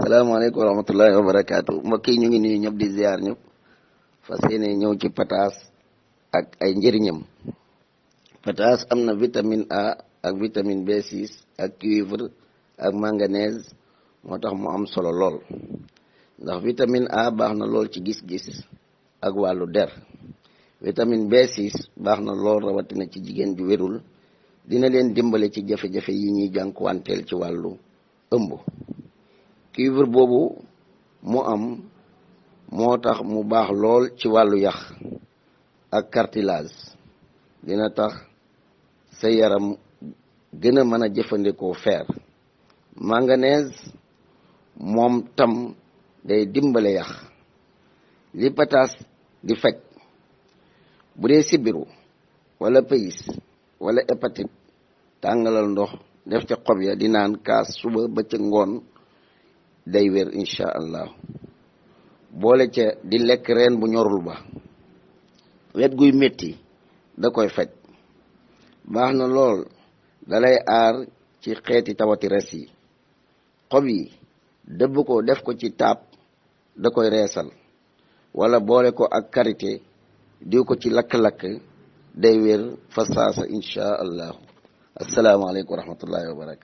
salaamaaleykum wa rahmatullahi wa barakaatu mbokk yi ñu ngi nuyu ñëpp di ziar ñëpp fas yéene ñëw ci pataas ak ay njëriñam pataas am na vitamine A ak vitamine B6 ak cuivre ak manganèse moo tax mu am solo lool ndax vitamine A baax na lool ci gis-gis ak wàllu der vitamine B6 baax na lool rawatina ci jigéen ju wérul dina leen dimbale ci jafe-jafe yi ñuy jànkuwanteel ci wàllu ëmb cuivre boobu mu am moo tax mu baax lool ci wàllu yax ak cartilage dina tax sa yaram gën a mën a jëfandikoo fer manganèse moom tam day dimbale yax li pataas di faj bu dee sibiru wala pays wala hépatite tàngalal ndox def ca xob ya di naan kaas suba ba ca ngoon day wér incha allah boole ca di lekk reen bu ñorul ba wet guy métti da koy faj baax na lool dalay aar ci xeeti tawati res yi xob yi dëbb ko def ko ci taab da koy reesal wala boole ko ak karité diw ko ci lakk-lakk day wér fa saasa incha allahu asalaamaaleykum wa rahmatullahi wa barakatu